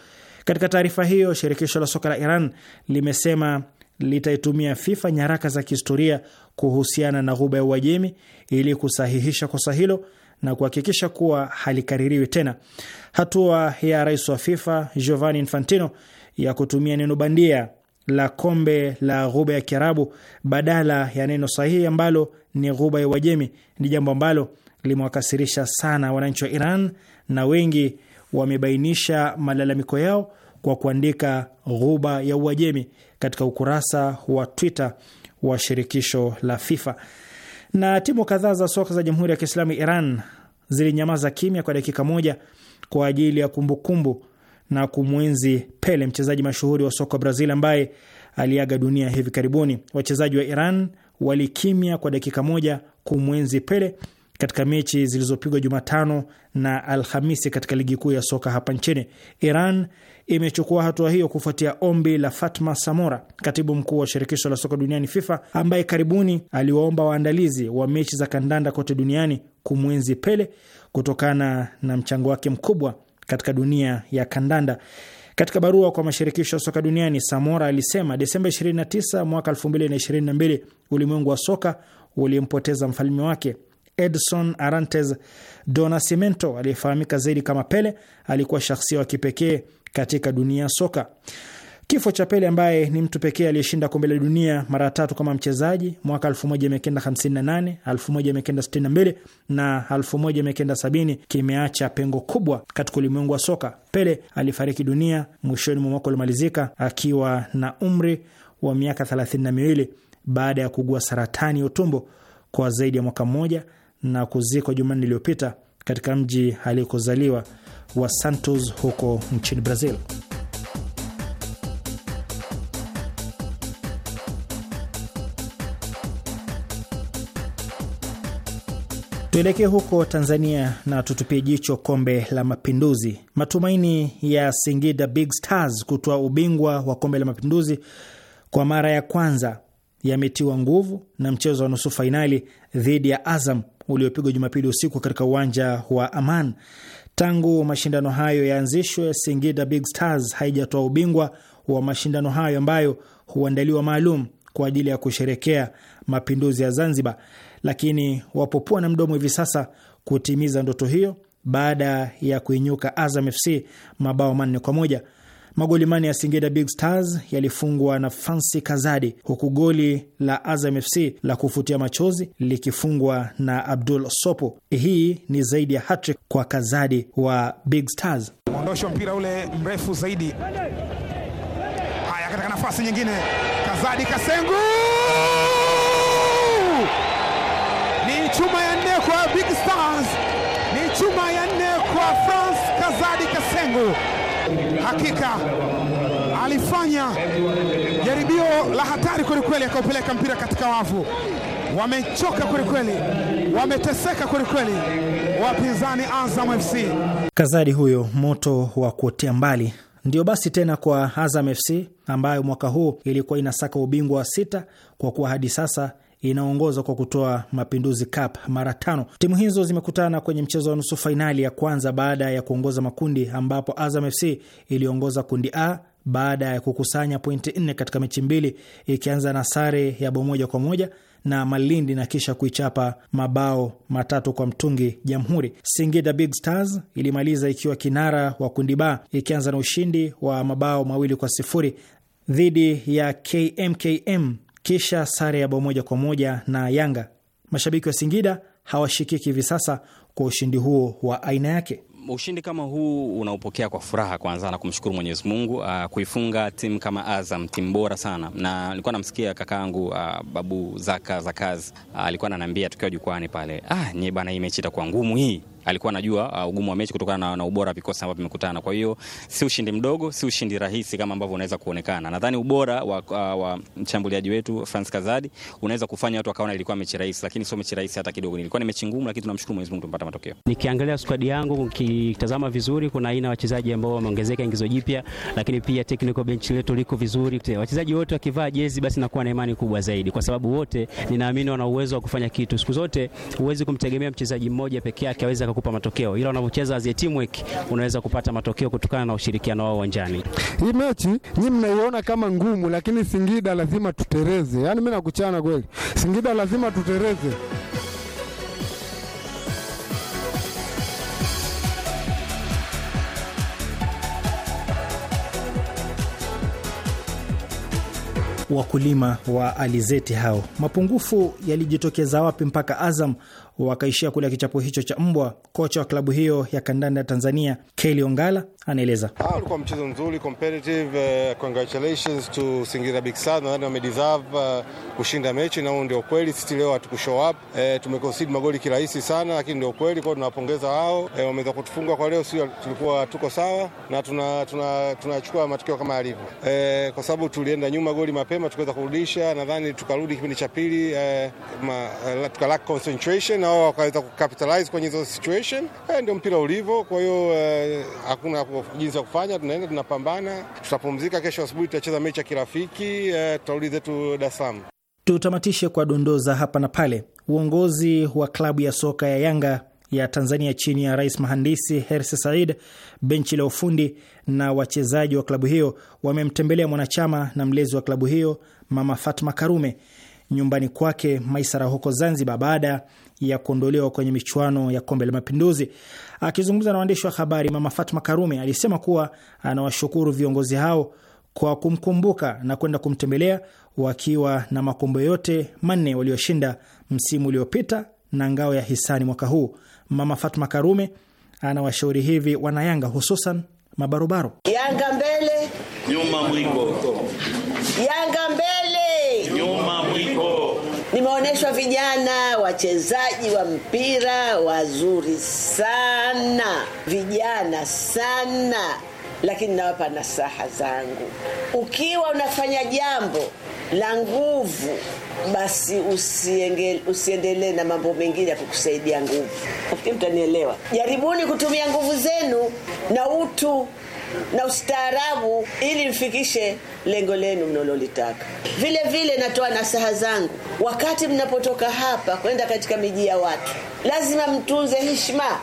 Katika taarifa hiyo, shirikisho la soka la Iran limesema litaitumia FIFA nyaraka za kihistoria kuhusiana na Ghuba ya Uajemi ili kusahihisha kosa hilo na kuhakikisha kuwa halikaririwi tena. Hatua ya rais wa FIFA Giovanni Infantino ya kutumia neno bandia la kombe la Ghuba ya Kiarabu badala ya neno sahihi ambalo ni Ghuba ya Uajemi ni jambo ambalo limewakasirisha sana wananchi wa Iran na wengi wamebainisha malalamiko yao kwa kuandika Ghuba ya Uajemi katika ukurasa wa Twitter wa shirikisho la FIFA. Na timu kadhaa za soka za Jamhuri ya Kiislamu Iran zilinyamaza kimya kwa dakika moja kwa ajili ya kumbukumbu kumbu na kumwenzi Pele, mchezaji mashuhuri wa soka wa Brazil ambaye aliaga dunia hivi karibuni. Wachezaji wa Iran walikimya kwa dakika moja kumwenzi Pele katika mechi zilizopigwa Jumatano na Alhamisi katika ligi kuu ya soka hapa nchini. Iran imechukua hatua hiyo kufuatia ombi la Fatma Samora, katibu mkuu wa shirikisho la soka duniani FIFA, ambaye karibuni aliwaomba waandalizi wa mechi za kandanda kote duniani kumwenzi Pele kutokana na mchango wake mkubwa katika dunia ya kandanda. Katika barua kwa mashirikisho ya soka duniani, Samora alisema Desemba 29 mwaka 2022 ulimwengu wa soka ulimpoteza mfalme wake Edson Arantes do Nascimento aliyefahamika zaidi kama Pele. Alikuwa shahsia wa kipekee katika dunia ya soka. Kifo cha Pele ambaye ni mtu pekee aliyeshinda kombe la dunia mara tatu kama mchezaji mwaka 1958, 1962 na 1970 kimeacha pengo kubwa katika ulimwengu wa soka. Pele alifariki dunia mwishoni mwa mwaka uliomalizika akiwa na umri wa miaka 32 baada ya kugua saratani ya utumbo kwa zaidi ya mwaka mmoja na kuzikwa Jumanne iliyopita katika mji alikozaliwa wa Santos huko nchini Brazil. Tuelekee huko Tanzania na tutupie jicho kombe la mapinduzi. Matumaini ya Singida Big Stars kutoa ubingwa wa kombe la mapinduzi kwa mara ya kwanza yametiwa nguvu na mchezo wa nusu fainali dhidi ya Azam uliopigwa Jumapili usiku katika uwanja wa Aman. Tangu mashindano hayo yaanzishwe, Singida Big Stars haijatoa ubingwa wa mashindano hayo ambayo huandaliwa maalum kwa ajili ya kusherekea mapinduzi ya Zanzibar lakini wapopua na mdomo hivi sasa kutimiza ndoto hiyo baada ya kuinyuka Azam FC mabao manne kwa moja. Magoli manne ya Singida Big Stars yalifungwa na fansi Kazadi, huku goli la Azam FC la kufutia machozi likifungwa na Abdul Sopo. Hii ni zaidi ya hatrick kwa Kazadi wa Big Stars. Mwondosho mpira ule mrefu zaidi. Haya, katika nafasi nyingine Kazadi Kasengu chuma ya nne kwa Big Stars, ni chuma ya nne kwa France Kazadi Kasengo. Hakika alifanya jaribio la hatari kwelikweli, akaupeleka mpira katika wavu. Wamechoka kwelikweli, wameteseka kwelikweli wapinzani Azam FC. Kazadi huyo moto wa kuotea mbali. Ndiyo basi tena kwa Azam FC ambayo mwaka huu ilikuwa inasaka ubingwa wa sita, kwa kuwa hadi sasa inaongoza kwa kutoa Mapinduzi Cup mara tano. Timu hizo zimekutana kwenye mchezo wa nusu fainali ya kwanza baada ya kuongoza makundi, ambapo Azam FC iliongoza kundi A baada ya kukusanya pointi nne katika mechi mbili, ikianza na sare ya bao moja kwa moja na Malindi na kisha kuichapa mabao matatu kwa mtungi Jamhuri. Singida Big Stars ilimaliza ikiwa kinara wa kundi ba ikianza na ushindi wa mabao mawili kwa sifuri dhidi ya KMKM kisha sare ya bao moja kwa moja na Yanga. Mashabiki wa Singida hawashikiki hivi sasa kwa ushindi huo wa aina yake. Ushindi kama huu unaopokea kwa furaha kwanza na kumshukuru Mwenyezi Mungu ah, kuifunga timu kama Azam, timu bora sana. Na nilikuwa namsikia kakaangu ah, Babu Zaka Zakazi ah, alikuwa ananiambia tukiwa jukwani pale, ah, nye bana, hii mechi itakuwa ngumu hii alikuwa anajua uh, ugumu wa mechi kutokana na, na ubora wa vikosi ambavyo vimekutana. Kwa hiyo si ushindi mdogo, si ushindi rahisi kama ambavyo unaweza kuonekana. Nadhani ubora wa, uh, wa mshambuliaji wetu Franz Kazadi unaweza kufanya watu wakaona ilikuwa mechi rahisi, lakini sio mechi rahisi hata kidogo. Ilikuwa ni mechi ngumu, lakini tunamshukuru Mwenyezi Mungu tumepata matokeo. Nikiangalia squad yangu nikitazama vizuri, kuna aina wachezaji ambao wameongezeka ingizo jipya, lakini pia technical bench letu liko vizuri. Wachezaji wote wakivaa jezi, basi nakuwa na imani kubwa zaidi, kwa sababu wote ninaamini wana uwezo wa kufanya kitu. Siku zote huwezi kumtegemea mchezaji mmoja peke yake aweza inakupa matokeo, ila unapocheza as a teamwork unaweza kupata matokeo kutokana na ushirikiano wao uwanjani. Hii mechi nyinyi mnaiona kama ngumu, lakini Singida lazima tutereze. Yaani mimi nakuchana kweli, Singida lazima tutereze. Wakulima wa alizeti hao, mapungufu yalijitokeza wapi mpaka Azam wakaishia kula kichapo hicho cha mbwa. Kocha wa klabu hiyo ya kandanda ya Tanzania, Kelly Ongala, anaeleza ah, ulikuwa mchezo mzuri competitive. Uh, congratulations to Singida Big Stars, nadhani wamedeserve uh, kushinda mechi, na huo ndio kweli. Sisi leo hatukushow up, uh, eh, tumeconcede magoli kirahisi sana, lakini ndio kweli kwao, tunawapongeza wao, uh, wameweza kutufunga kwa leo. Sio tulikuwa tuko sawa na tunachukua tuna, tuna, matokeo kama yalivyo, uh, kwa sababu tulienda nyuma goli mapema, tukaweza kurudisha, nadhani tukarudi kipindi cha pili, uh, uh, tukalack concentration na wao wakaweza kucapitalize kwenye hizo situation. Eh, ndio mpira ulivyo. Kwa hiyo eh, hakuna jinsi ya kufanya, tunaenda tunapambana, tutapumzika. Kesho asubuhi tutacheza mechi ya kirafiki eh, tutarudi zetu Dar es Salaam. Tutamatishe kwa dondoza hapa na pale. Uongozi wa klabu ya soka ya Yanga ya Tanzania chini ya Rais Mhandisi Hersi Said, benchi la ufundi na wachezaji wa klabu hiyo wamemtembelea mwanachama na mlezi wa klabu hiyo Mama Fatma Karume nyumbani kwake Maisara huko Zanzibar baada ya kuondolewa kwenye michuano ya kombe la Mapinduzi. Akizungumza na waandishi wa habari, Mama Fatma Karume alisema kuwa anawashukuru viongozi hao kwa kumkumbuka na kwenda kumtembelea wakiwa na makombe yote manne walioshinda msimu uliopita na ngao ya hisani mwaka huu. Mama Fatma Karume anawashauri hivi wanayanga, hususan mabarobaro: Yanga mbele, nyuma mwiko, Yanga mbele. vijana wachezaji wa mpira wazuri sana, vijana sana, lakini nawapa nasaha zangu. Ukiwa unafanya jambo la nguvu, basi usiendelee na mambo mengine ya kukusaidia nguvu. Nafikiri mtanielewa. Jaribuni kutumia nguvu zenu na utu na ustaarabu ili mfikishe lengo lenu mnalolitaka vile vile natoa nasaha zangu wakati mnapotoka hapa kwenda katika miji ya watu lazima mtunze heshima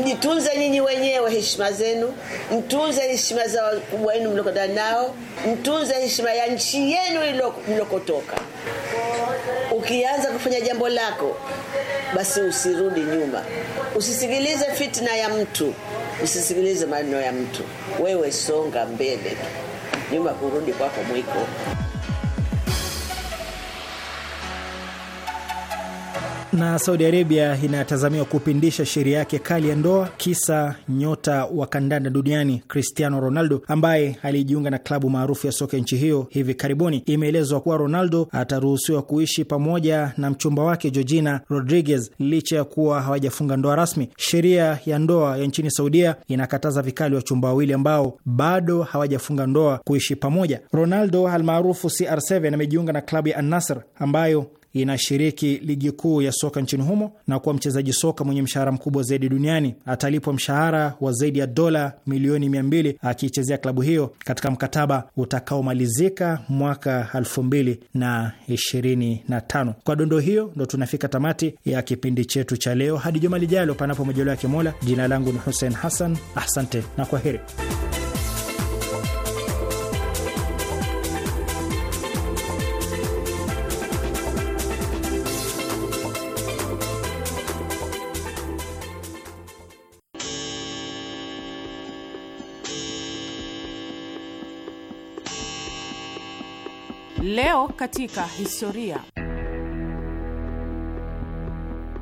mjitunze nyinyi wenyewe heshima zenu mtunze heshima za wakubwa wenu mliokwenda nao mtunze heshima ya nchi yenu mliokotoka ukianza kufanya jambo lako basi usirudi nyuma usisikilize fitna ya mtu Usisikilize maneno ya mtu, wewe songa mbele nyuma kurudi kwako mwiko. Na Saudi Arabia inatazamiwa kupindisha sheria yake kali ya ndoa, kisa nyota wa kandanda duniani Cristiano Ronaldo ambaye alijiunga na klabu maarufu ya soka nchi hiyo hivi karibuni. Imeelezwa kuwa Ronaldo ataruhusiwa kuishi pamoja na mchumba wake Georgina Rodriguez licha ya kuwa hawajafunga ndoa rasmi. Sheria ya ndoa ya nchini Saudia inakataza vikali wachumba wawili ambao bado hawajafunga ndoa kuishi pamoja. Ronaldo almaarufu CR7 amejiunga na klabu ya Al-Nassr ambayo inashiriki ligi kuu ya soka nchini humo na kuwa mchezaji soka mwenye mshahara mkubwa zaidi duniani. Atalipwa mshahara wa zaidi ya dola milioni 200 akiichezea klabu hiyo katika mkataba utakaomalizika mwaka 225 Kwa dondo hiyo, ndo tunafika tamati ya kipindi chetu cha leo. Hadi juma lijalo, panapo majaliwa ya Mola. Jina langu ni Hussein Hassan, asante na kwa heri. Leo katika historia.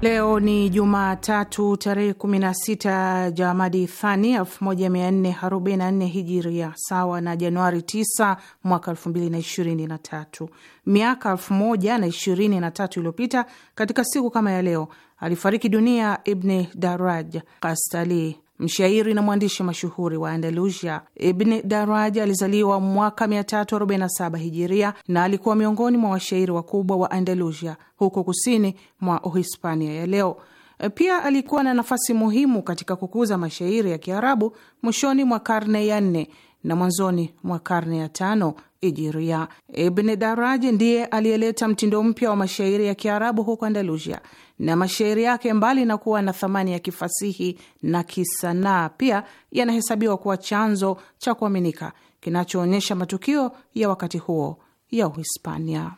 Leo ni Jumatatu tarehe 16 Jamadi Thani 1444 Hijiria, sawa na Januari 9 mwaka 2023. Miaka 1023 iliyopita katika siku kama ya leo alifariki dunia Ibni Daraj Kastali, mshairi na mwandishi mashuhuri wa Andalusia. Ibni Daraj alizaliwa mwaka 347 hijiria na alikuwa miongoni mwa washairi wakubwa wa Andalusia huko kusini mwa Uhispania ya leo. Pia alikuwa na nafasi muhimu katika kukuza mashairi ya Kiarabu mwishoni mwa karne ya nne na mwanzoni mwa karne ya tano Ijiria. Ibni Daraj ndiye aliyeleta mtindo mpya wa mashairi ya Kiarabu huko Andalusia, na mashairi yake mbali na kuwa na thamani ya kifasihi na kisanaa, pia yanahesabiwa kuwa chanzo cha kuaminika kinachoonyesha matukio ya wakati huo ya Uhispania.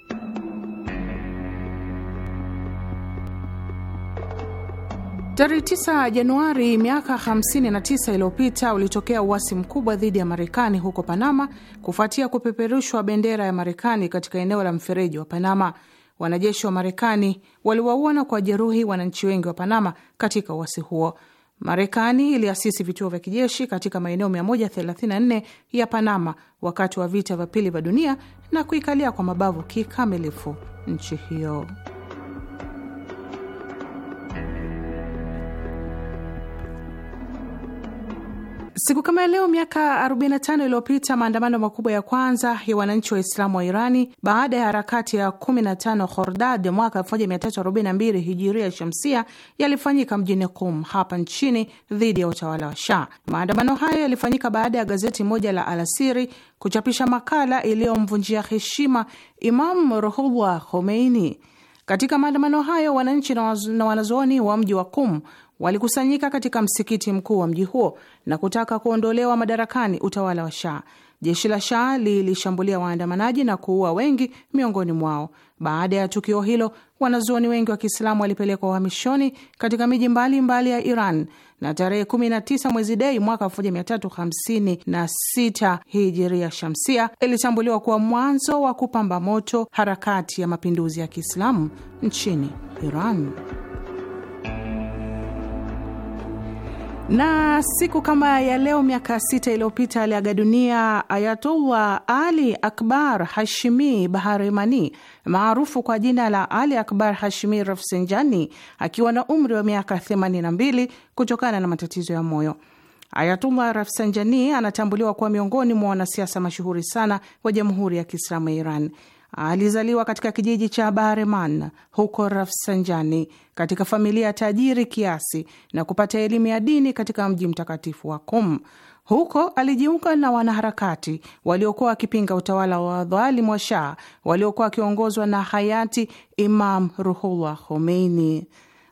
Tarehe 9 Januari miaka 59 iliyopita ulitokea uasi mkubwa dhidi ya Marekani huko Panama kufuatia kupeperushwa bendera ya Marekani katika eneo la mfereji wa Panama. Wanajeshi wa Marekani waliwaua na kuwajeruhi wananchi wengi wa Panama katika uasi huo. Marekani iliasisi vituo vya kijeshi katika maeneo 134 ya Panama wakati wa vita vya pili vya dunia na kuikalia kwa mabavu kikamilifu nchi hiyo. Siku kama leo miaka 45 iliyopita maandamano makubwa ya kwanza ya wananchi wa islamu wa Irani baada ya harakati ya 15 Khordad mwaka 1342 hijiria shamsia yalifanyika mjini Qum hapa nchini dhidi ya utawala wa Shah. Maandamano hayo yalifanyika baada ya gazeti moja la alasiri kuchapisha makala iliyomvunjia heshima imam Ruhullah Khomeini. Katika maandamano hayo wananchi na wanazuoni wa mji wa Qum walikusanyika katika msikiti mkuu wa mji huo na kutaka kuondolewa madarakani utawala wa Shah. Jeshi la Shah lilishambulia waandamanaji na kuua wengi miongoni mwao. Baada ya tukio hilo, wanazuoni wengi wa Kiislamu walipelekwa uhamishoni katika miji mbalimbali ya Iran, na tarehe 19 mwezi Dei mwaka 1356 hijiria shamsia ilitambuliwa kuwa mwanzo wa kupamba moto harakati ya mapinduzi ya Kiislamu nchini Iran. Na siku kama ya leo miaka sita iliyopita aliaga dunia Ayatullah Ali Akbar Hashimi Baharemani maarufu kwa jina la Ali Akbar Hashimi Rafsanjani akiwa na umri wa miaka 82 kutokana na matatizo ya moyo. Ayatullah Rafsanjani anatambuliwa kuwa miongoni mwa wanasiasa mashuhuri sana wa Jamhuri ya Kiislamu ya Iran. Alizaliwa katika kijiji cha bareman huko Rafsanjani katika familia ya tajiri kiasi na kupata elimu ya dini katika mji mtakatifu wa Kum. Huko alijiunga na wanaharakati waliokuwa wakipinga utawala wa dhalimu wa Shah waliokuwa wakiongozwa na hayati Imam Ruhullah Khomeini.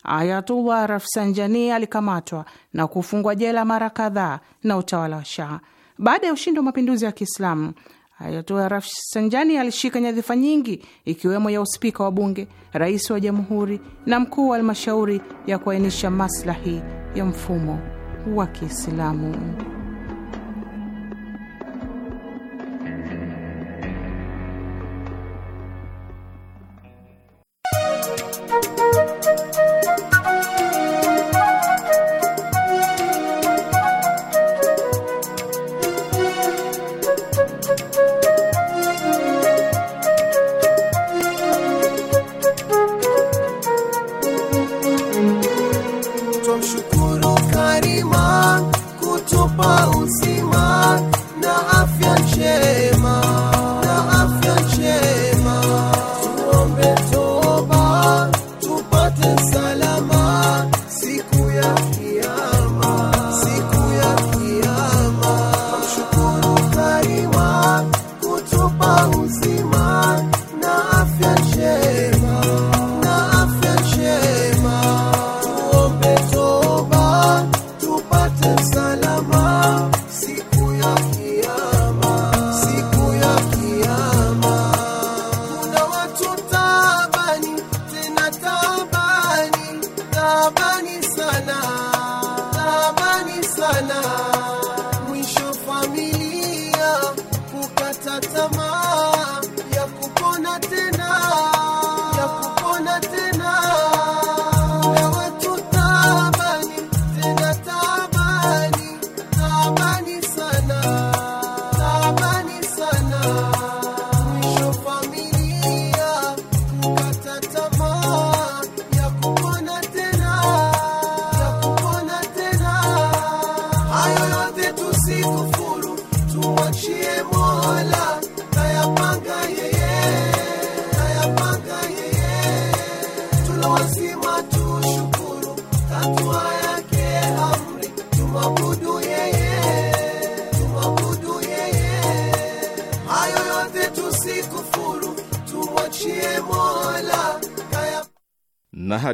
Ayatullah Rafsanjani alikamatwa na kufungwa jela mara kadhaa na utawala wa Shah. Baada ya ushindi wa mapinduzi ya Kiislamu, Ayatola Rafsanjani alishika nyadhifa nyingi ikiwemo ya uspika wa bunge, rais wa jamhuri na mkuu wa halmashauri ya kuainisha maslahi ya mfumo wa Kiislamu.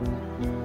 Mm-hmm.